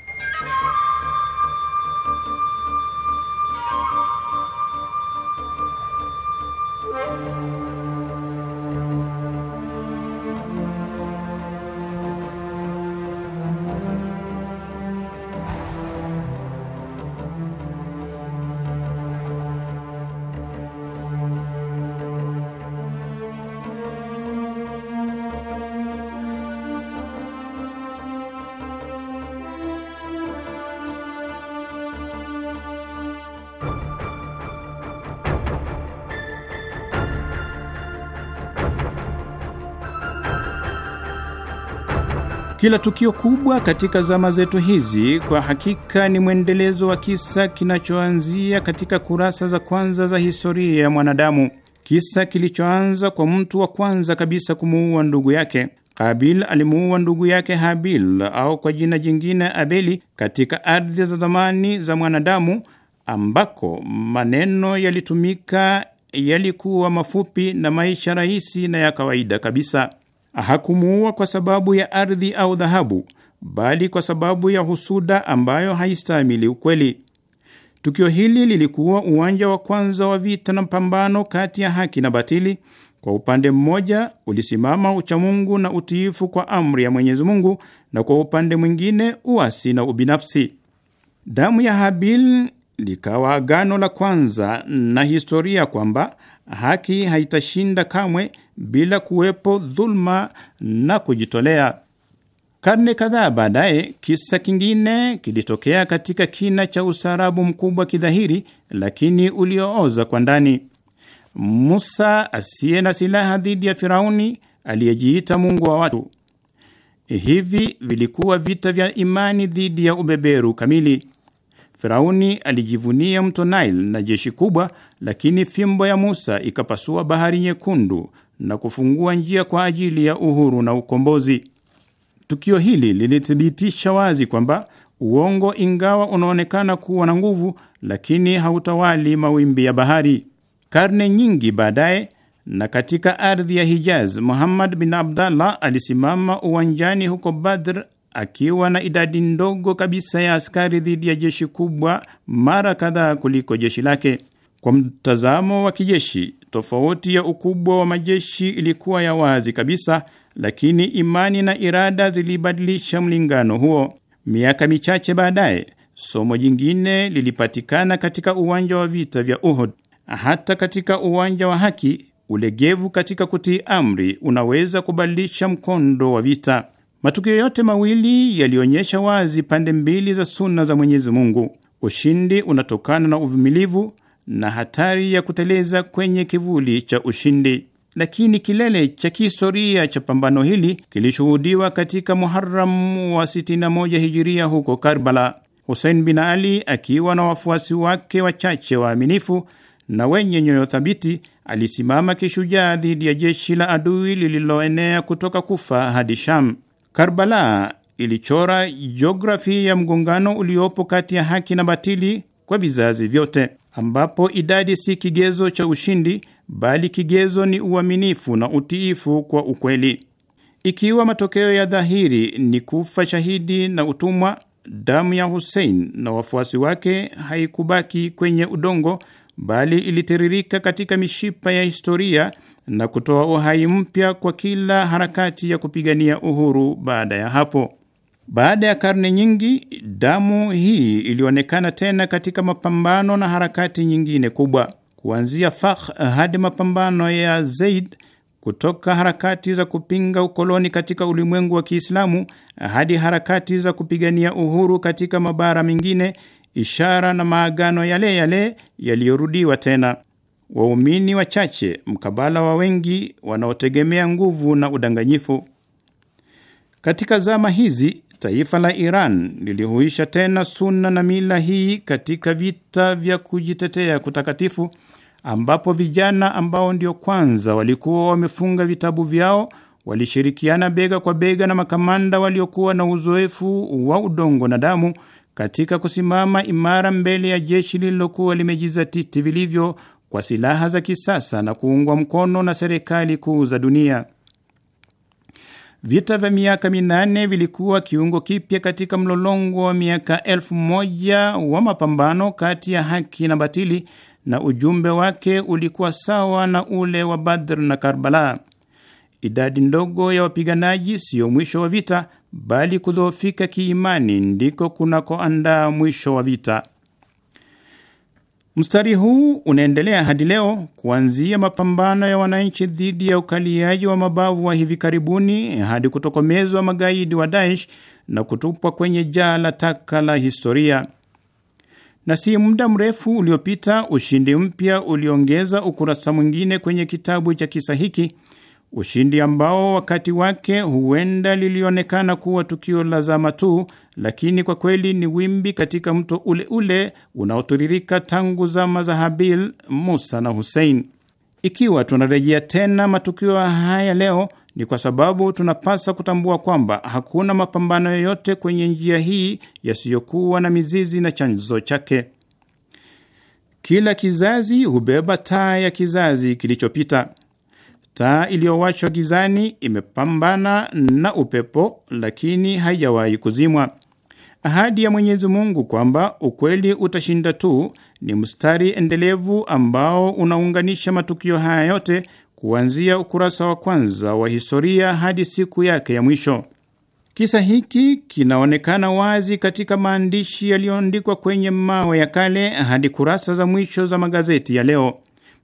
Kila tukio kubwa katika zama zetu hizi kwa hakika ni mwendelezo wa kisa kinachoanzia katika kurasa za kwanza za historia ya mwanadamu, kisa kilichoanza kwa mtu wa kwanza kabisa kumuua ndugu yake. Kabil alimuua ndugu yake Habil au kwa jina jingine Abeli katika ardhi za zamani za mwanadamu, ambako maneno yalitumika yalikuwa mafupi na maisha rahisi na ya kawaida kabisa. Hakumuua kwa sababu ya ardhi au dhahabu, bali kwa sababu ya husuda ambayo haistahimili ukweli. Tukio hili lilikuwa uwanja wa kwanza wa vita na mpambano kati ya haki na batili. Kwa upande mmoja ulisimama uchamungu na utiifu kwa amri ya Mwenyezi Mungu, na kwa upande mwingine uasi na ubinafsi. Damu ya Habil likawa agano la kwanza na historia kwamba Haki haitashinda kamwe bila kuwepo dhuluma na kujitolea. Karne kadhaa baadaye, kisa kingine kilitokea katika kina cha ustaarabu mkubwa kidhahiri, lakini uliooza kwa ndani. Musa asiye na silaha dhidi ya Firauni aliyejiita mungu wa watu. Hivi vilikuwa vita vya imani dhidi ya ubeberu kamili. Firauni alijivunia mto Nile na jeshi kubwa, lakini fimbo ya Musa ikapasua bahari nyekundu na kufungua njia kwa ajili ya uhuru na ukombozi. Tukio hili lilithibitisha wazi kwamba uongo, ingawa unaonekana kuwa na nguvu, lakini hautawali mawimbi ya bahari. Karne nyingi baadaye na katika ardhi ya Hijaz, Muhammad bin Abdallah alisimama uwanjani huko Badr akiwa na idadi ndogo kabisa ya askari dhidi ya jeshi kubwa mara kadhaa kuliko jeshi lake. Kwa mtazamo wa kijeshi, tofauti ya ukubwa wa majeshi ilikuwa ya wazi kabisa, lakini imani na irada zilibadilisha mlingano huo. Miaka michache baadaye, somo jingine lilipatikana katika uwanja wa vita vya Uhud. Hata katika uwanja wa haki, ulegevu katika kutii amri unaweza kubadilisha mkondo wa vita. Matukio yote mawili yalionyesha wazi pande mbili za suna za Mwenyezi Mungu. Ushindi unatokana na uvumilivu na hatari ya kuteleza kwenye kivuli cha ushindi. Lakini kilele cha kihistoria cha pambano hili kilishuhudiwa katika muharamu wa 61 hijiria huko Karbala, Husein bin Ali akiwa na wafuasi wake wachache waaminifu na wenye nyoyo thabiti alisimama kishujaa dhidi ya jeshi la adui lililoenea kutoka Kufa hadi Sham. Karbala ilichora jiografia ya mgongano uliopo kati ya haki na batili kwa vizazi vyote, ambapo idadi si kigezo cha ushindi, bali kigezo ni uaminifu na utiifu kwa ukweli. Ikiwa matokeo ya dhahiri ni kufa shahidi na utumwa, damu ya Hussein na wafuasi wake haikubaki kwenye udongo, bali ilitiririka katika mishipa ya historia na kutoa uhai mpya kwa kila harakati ya kupigania uhuru baada ya hapo. Baada ya karne nyingi, damu hii ilionekana tena katika mapambano na harakati nyingine kubwa, kuanzia Fakh hadi mapambano ya Zaid, kutoka harakati za kupinga ukoloni katika ulimwengu wa Kiislamu hadi harakati za kupigania uhuru katika mabara mengine, ishara na maagano yale yale yaliyorudiwa tena waumini wachache mkabala wa wengi wanaotegemea nguvu na udanganyifu. Katika zama hizi taifa la Iran lilihuisha tena suna na mila hii katika vita vya kujitetea kutakatifu, ambapo vijana ambao ndio kwanza walikuwa wamefunga vitabu vyao walishirikiana bega kwa bega na makamanda waliokuwa na uzoefu wa udongo na damu katika kusimama imara mbele ya jeshi lililokuwa limejizatiti vilivyo kwa silaha za kisasa na kuungwa mkono na serikali kuu za dunia. Vita vya miaka minane vilikuwa kiungo kipya katika mlolongo wa miaka elfu moja wa mapambano kati ya haki na batili, na ujumbe wake ulikuwa sawa na ule wa Badr na Karbala. Idadi ndogo ya wapiganaji siyo mwisho wa vita, bali kudhoofika kiimani ndiko kunakoandaa mwisho wa vita. Mstari huu unaendelea hadi leo, kuanzia mapambano ya wananchi dhidi ya ukaliaji wa mabavu wa hivi karibuni hadi kutokomezwa magaidi wa Daesh na kutupwa kwenye jaa la taka la historia. Na si muda mrefu uliopita, ushindi mpya uliongeza ukurasa mwingine kwenye kitabu cha kisa hiki ushindi ambao wakati wake huenda lilionekana kuwa tukio la zama tu, lakini kwa kweli ni wimbi katika mto ule ule unaotiririka tangu zama za Habil, Musa na husein Ikiwa tunarejea tena matukio haya leo, ni kwa sababu tunapasa kutambua kwamba hakuna mapambano yoyote kwenye njia hii yasiyokuwa na mizizi na chanzo chake. Kila kizazi hubeba taa ya kizazi kilichopita. Taa iliyowachwa gizani imepambana na upepo, lakini haijawahi kuzimwa. Ahadi ya Mwenyezi Mungu kwamba ukweli utashinda tu ni mstari endelevu ambao unaunganisha matukio haya yote kuanzia ukurasa wa kwanza wa historia hadi siku yake ya mwisho. Kisa hiki kinaonekana wazi katika maandishi yaliyoandikwa kwenye mawe ya kale hadi kurasa za mwisho za magazeti ya leo.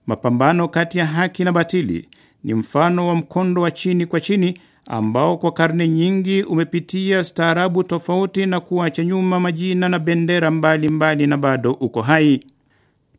Mapambano kati ya haki na batili ni mfano wa mkondo wa chini kwa chini ambao kwa karne nyingi umepitia staarabu tofauti na kuacha nyuma majina na bendera mbalimbali mbali na bado uko hai.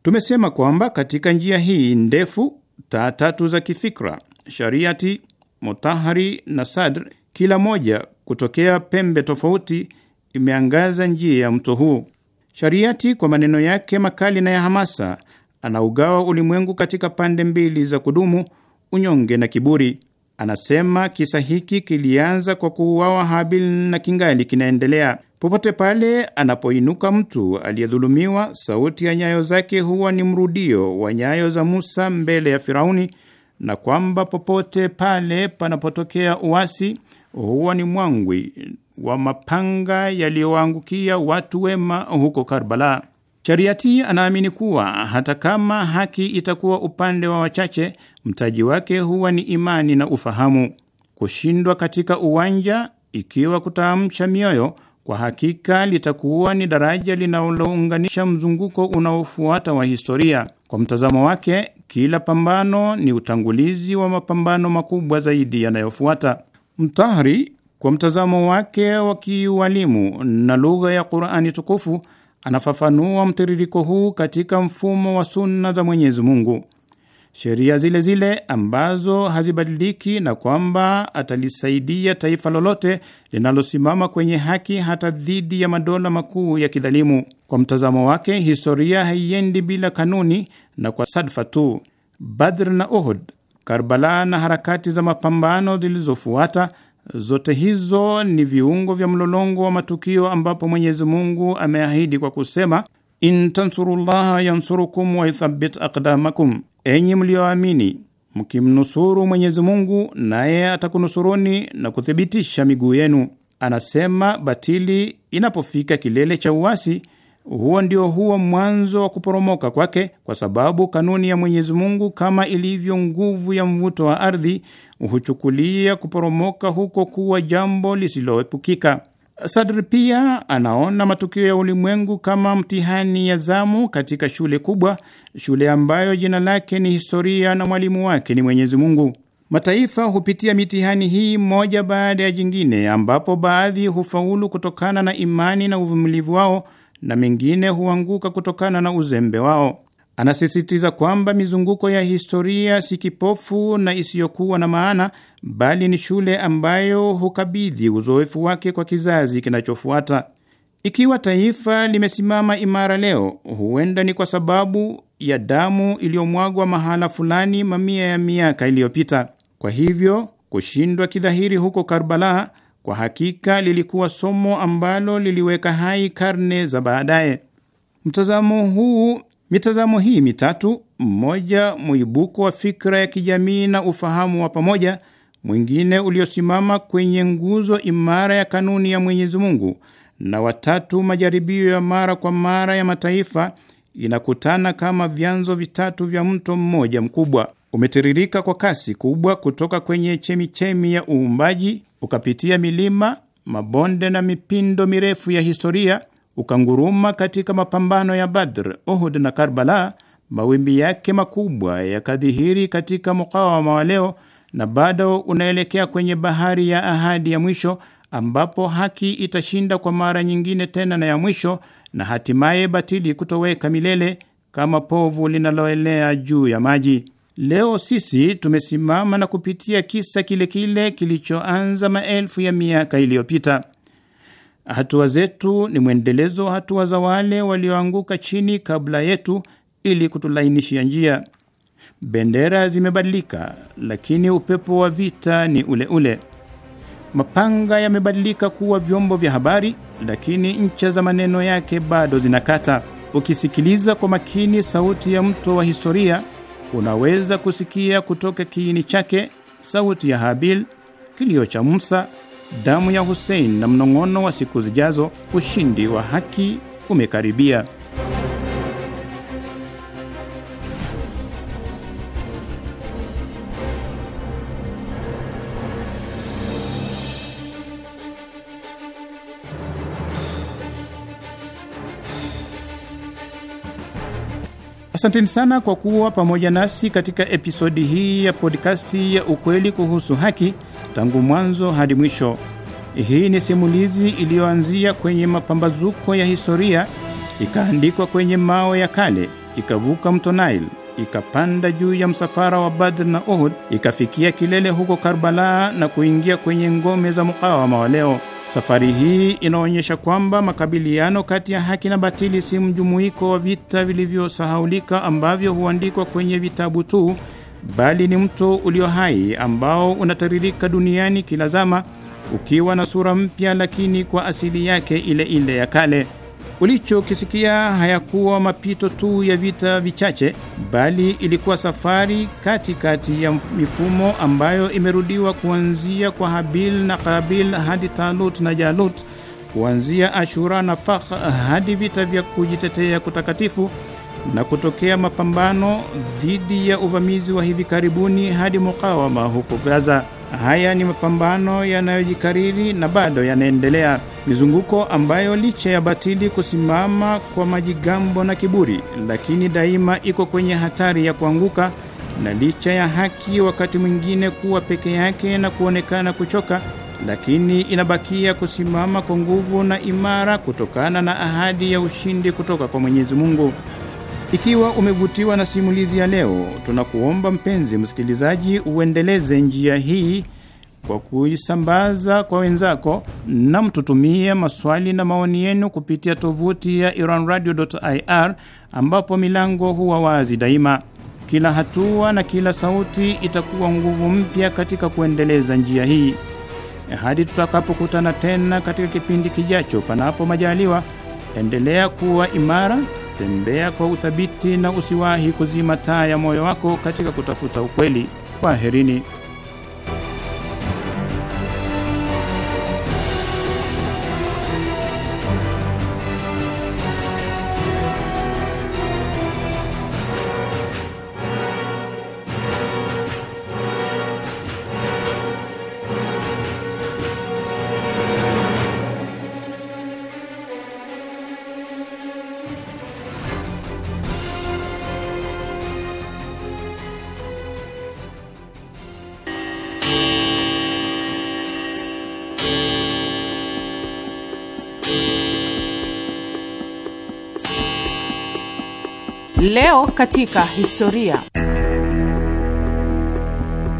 Tumesema kwamba katika njia hii ndefu taa tatu za kifikra, Shariati, motahari na Sadr, kila moja kutokea pembe tofauti, imeangaza njia ya mto huu. Shariati kwa maneno yake makali na ya hamasa anaugawa ulimwengu katika pande mbili za kudumu unyonge na kiburi. Anasema kisa hiki kilianza kwa kuuawa Habil na kingali kinaendelea. Popote pale anapoinuka mtu aliyedhulumiwa, sauti ya nyayo zake huwa ni mrudio wa nyayo za Musa mbele ya Firauni, na kwamba popote pale panapotokea uasi huwa ni mwangwi wa mapanga yaliyowaangukia watu wema huko Karbala. Shariati anaamini kuwa hata kama haki itakuwa upande wa wachache mtaji wake huwa ni imani na ufahamu. Kushindwa katika uwanja, ikiwa kutaamsha mioyo, kwa hakika litakuwa ni daraja linalounganisha mzunguko unaofuata wa historia. Kwa mtazamo wake, kila pambano ni utangulizi wa mapambano makubwa zaidi yanayofuata. Mtahri kwa mtazamo wake wa kiualimu na lugha ya Qur'ani tukufu anafafanua mtiririko huu katika mfumo wa sunna za Mwenyezi Mungu sheria zile zile ambazo hazibadiliki na kwamba atalisaidia taifa lolote linalosimama kwenye haki hata dhidi ya madola makuu ya kidhalimu. Kwa mtazamo wake, historia haiendi bila kanuni, na kwa sadfa tu Badr na Uhud, Karbala na harakati za mapambano zilizofuata zote hizo ni viungo vya mlolongo wa matukio ambapo Mwenyezi Mungu ameahidi kwa kusema, in tansurullaha yansurukum wa yuthabbit aqdamakum enyi mlioamini, mkimnusuru Mwenyezi Mungu naye atakunusuruni na kuthibitisha miguu yenu. Anasema batili inapofika kilele cha uasi, huo ndio huo mwanzo wa kuporomoka kwake, kwa sababu kanuni ya Mwenyezi Mungu, kama ilivyo nguvu ya mvuto wa ardhi, huchukulia kuporomoka huko kuwa jambo lisiloepukika. Sadr pia anaona matukio ya ulimwengu kama mtihani ya zamu katika shule kubwa, shule ambayo jina lake ni historia na mwalimu wake ni Mwenyezi Mungu. Mataifa hupitia mitihani hii moja baada ya jingine, ambapo baadhi hufaulu kutokana na imani na uvumilivu wao na mengine huanguka kutokana na uzembe wao. Anasisitiza kwamba mizunguko ya historia si kipofu na isiyokuwa na maana, bali ni shule ambayo hukabidhi uzoefu wake kwa kizazi kinachofuata. Ikiwa taifa limesimama imara leo, huenda ni kwa sababu ya damu iliyomwagwa mahala fulani mamia ya miaka iliyopita. Kwa hivyo kushindwa kidhahiri huko Karbala kwa hakika lilikuwa somo ambalo liliweka hai karne za baadaye. Mtazamo huu Mitazamo hii mitatu, mmoja mwibuko wa fikra ya kijamii na ufahamu wa pamoja, mwingine uliosimama kwenye nguzo imara ya kanuni ya Mwenyezi Mungu, na watatu majaribio ya mara kwa mara ya mataifa, inakutana kama vyanzo vitatu vya mto mmoja mkubwa. Umetiririka kwa kasi kubwa kutoka kwenye chemichemi ya uumbaji, ukapitia milima, mabonde na mipindo mirefu ya historia ukanguruma katika mapambano ya Badr, Uhud na Karbala. Mawimbi yake makubwa yakadhihiri katika mukawama wa leo na bado unaelekea kwenye bahari ya ahadi ya mwisho ambapo haki itashinda kwa mara nyingine tena na ya mwisho, na hatimaye batili kutoweka milele kama povu linaloelea juu ya maji. Leo sisi tumesimama na kupitia kisa kile kile kilichoanza maelfu ya miaka iliyopita. Hatua zetu ni mwendelezo wa hatua za wale walioanguka chini kabla yetu, ili kutulainishia njia. Bendera zimebadilika, lakini upepo wa vita ni ule ule. Mapanga yamebadilika kuwa vyombo vya habari, lakini ncha za maneno yake bado zinakata. Ukisikiliza kwa makini sauti ya mto wa historia, unaweza kusikia kutoka kiini chake sauti ya Habil, kilio cha Musa damu ya Hussein na mnong'ono wa siku zijazo, ushindi wa haki umekaribia. Asanteni sana kwa kuwa pamoja nasi katika episodi hii ya podkasti ya ukweli kuhusu haki, tangu mwanzo hadi mwisho. Hii ni simulizi iliyoanzia kwenye mapambazuko ya historia, ikaandikwa kwenye mawe ya kale, ikavuka mto Nile ikapanda juu ya msafara wa Badr na Uhud, ikafikia kilele huko Karbala na kuingia kwenye ngome za mukawama wa leo. Safari hii inaonyesha kwamba makabiliano kati ya haki na batili si mjumuiko wa vita vilivyosahaulika ambavyo huandikwa kwenye vitabu tu, bali ni mto ulio hai ambao unatiririka duniani kila zama, ukiwa na sura mpya, lakini kwa asili yake ile ile ya kale. Ulichokisikia hayakuwa mapito tu ya vita vichache, bali ilikuwa safari katikati kati ya mifumo ambayo imerudiwa kuanzia kwa Habil na Kabil hadi Talut na Jalut, kuanzia Ashura na Fakh hadi vita vya kujitetea kutakatifu na kutokea mapambano dhidi ya uvamizi wa hivi karibuni hadi mukawama huko Gaza. Haya ni mapambano yanayojikariri na bado yanaendelea, mizunguko ambayo licha ya batili kusimama kwa majigambo na kiburi, lakini daima iko kwenye hatari ya kuanguka, na licha ya haki wakati mwingine kuwa peke yake na kuonekana kuchoka, lakini inabakia kusimama kwa nguvu na imara kutokana na ahadi ya ushindi kutoka kwa Mwenyezi Mungu. Ikiwa umevutiwa na simulizi ya leo, tunakuomba mpenzi msikilizaji, uendeleze njia hii kwa kuisambaza kwa wenzako na mtutumie maswali na maoni yenu kupitia tovuti ya iranradio.ir ambapo milango huwa wazi daima. Kila hatua na kila sauti itakuwa nguvu mpya katika kuendeleza njia hii. Hadi tutakapokutana tena katika kipindi kijacho, panapo majaliwa, endelea kuwa imara tembea kwa uthabiti na usiwahi kuzima taa ya moyo wako katika kutafuta ukweli. Kwaherini. Leo katika historia.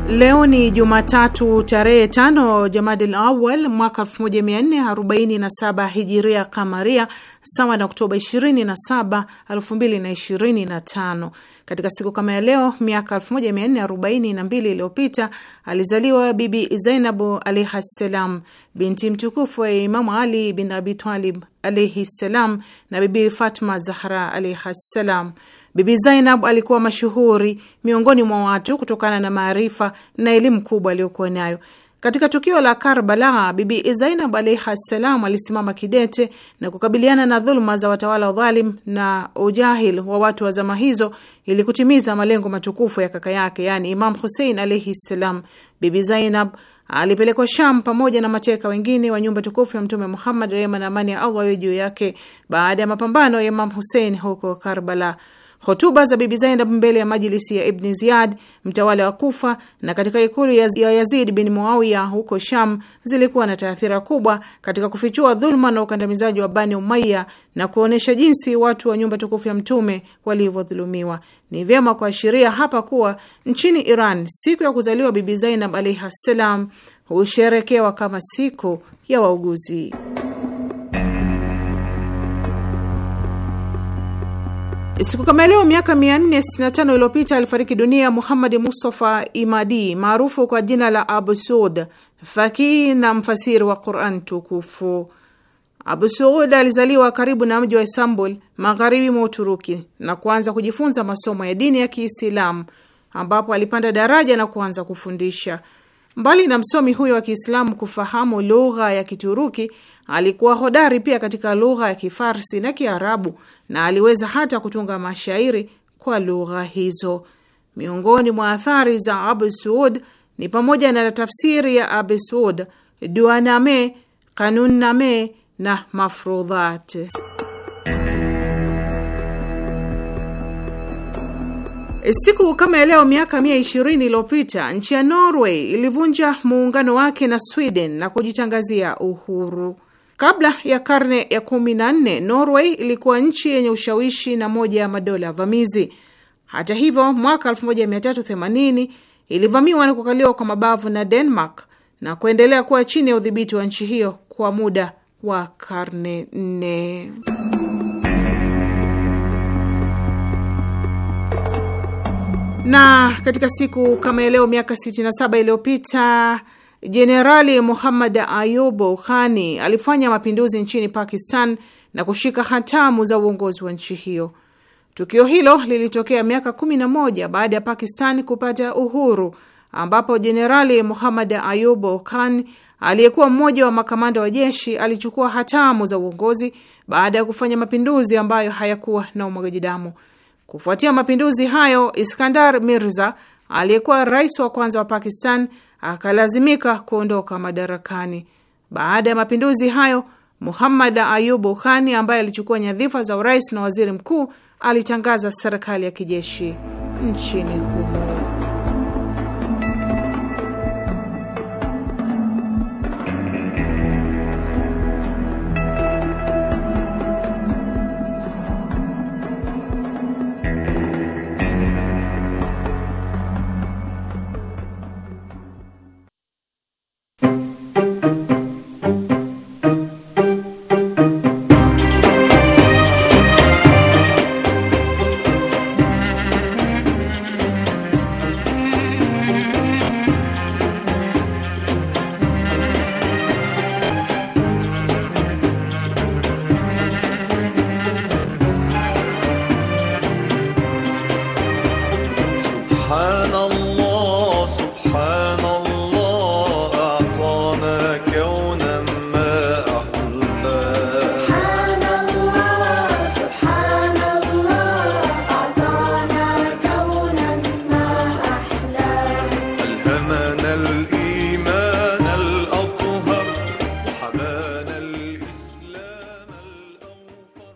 Leo ni Jumatatu tarehe tano Jamadil Awal mwaka 1447 Hijiria Kamaria, sawa na Oktoba 27, 2025. Katika siku kama ya leo miaka 1442 iliyopita alizaliwa Bibi Zainabu alaihi ssalam, binti mtukufu wa Imamu Ali bin abitalib alaihi ssalam na Bibi Fatma Zahra alaihi ssalam. Bibi Zainab alikuwa mashuhuri miongoni mwa watu kutokana na maarifa na elimu kubwa aliyokuwa nayo. Katika tukio la Karbala, Bibi Zainab alaihi ssalam alisimama kidete na kukabiliana na dhuluma za watawala dhalim na ujahil wa watu wa zama hizo ili kutimiza malengo matukufu ya kaka yake, yaani Imam Husein alaihi ssalam. Bibi Zainab alipelekwa Sham pamoja na mateka wengine wa nyumba tukufu ya Mtume Muhammad, rehma na amani ya Allah juu yake, baada ya mapambano ya Imam Husein huko Karbala. Hotuba za Bibi Zainab mbele ya majilisi ya Ibni Ziyad, mtawala wa Kufa, na katika ikulu ya Yazid bin Muawiya huko Sham zilikuwa na taathira kubwa katika kufichua dhuluma na ukandamizaji wa Bani Umaya na kuonyesha jinsi watu wa nyumba tukufu ya Mtume walivyodhulumiwa. Ni vyema kuashiria hapa kuwa nchini Iran siku ya kuzaliwa Bibi Zainab alaihi ssalam husherekewa kama siku ya wauguzi. Siku kama leo miaka 465 iliyopita alifariki dunia Muhammad Mustafa Imadi maarufu kwa jina la Abu Suud, fakihi na mfasiri wa Quran Tukufu. Abu Suud alizaliwa karibu na mji wa Istanbul, magharibi mwa Uturuki, na kuanza kujifunza masomo ya dini ya Kiislamu, ambapo alipanda daraja na kuanza kufundisha. Mbali na msomi huyo wa Kiislamu kufahamu lugha ya Kituruki, Alikuwa hodari pia katika lugha ya Kifarsi na Kiarabu na aliweza hata kutunga mashairi kwa lugha hizo. Miongoni mwa athari za Abu Suud ni pamoja na tafsiri ya Abu Suud, Duaname, Kanunname na Mafrudhat. Siku kama leo miaka ishirini iliyopita nchi ya Norway ilivunja muungano wake na Sweden na kujitangazia uhuru. Kabla ya karne ya kumi na nne Norway ilikuwa nchi yenye ushawishi na moja ya madola vamizi. Hata hivyo, mwaka 1380 ilivamiwa na kukaliwa kwa mabavu na Denmark na kuendelea kuwa chini ya udhibiti wa nchi hiyo kwa muda wa karne nne. Na katika siku kama ya leo miaka 67 iliyopita Jenerali Muhammad Ayub Khani alifanya mapinduzi nchini Pakistan na kushika hatamu za uongozi wa nchi hiyo. Tukio hilo lilitokea miaka 11 baada ya Pakistan kupata uhuru, ambapo Jenerali Muhammad Ayub Khan aliyekuwa mmoja wa makamanda wa jeshi alichukua hatamu za uongozi baada ya kufanya mapinduzi ambayo hayakuwa na umwagaji damu. Kufuatia mapinduzi hayo, Iskandar Mirza aliyekuwa rais wa kwanza wa Pakistan akalazimika kuondoka madarakani. Baada ya mapinduzi hayo, Muhammad Ayubu Khani ambaye alichukua nyadhifa za urais na waziri mkuu alitangaza serikali ya kijeshi nchini humo.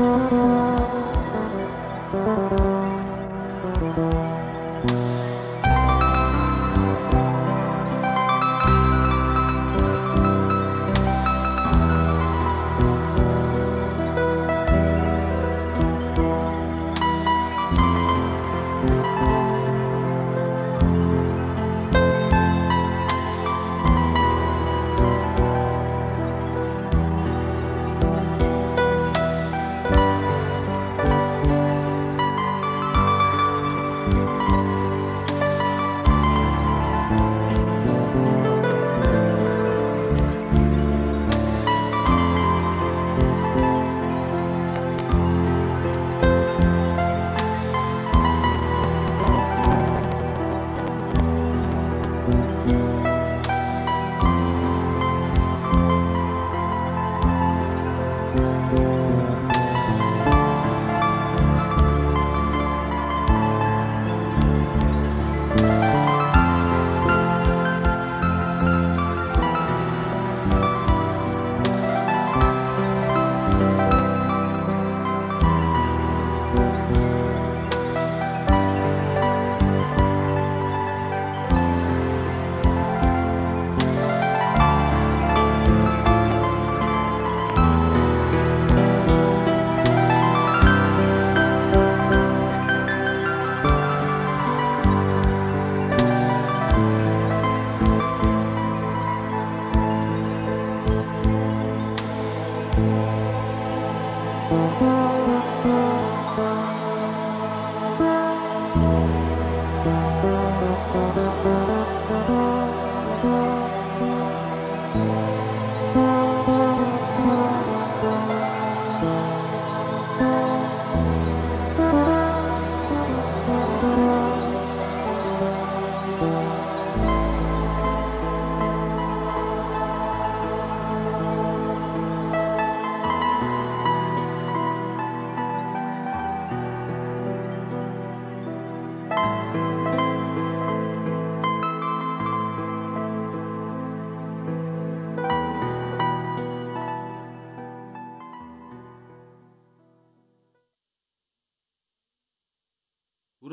Thank you. Thank you.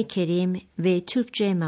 Kur'an-ı Kerim ve Türkçe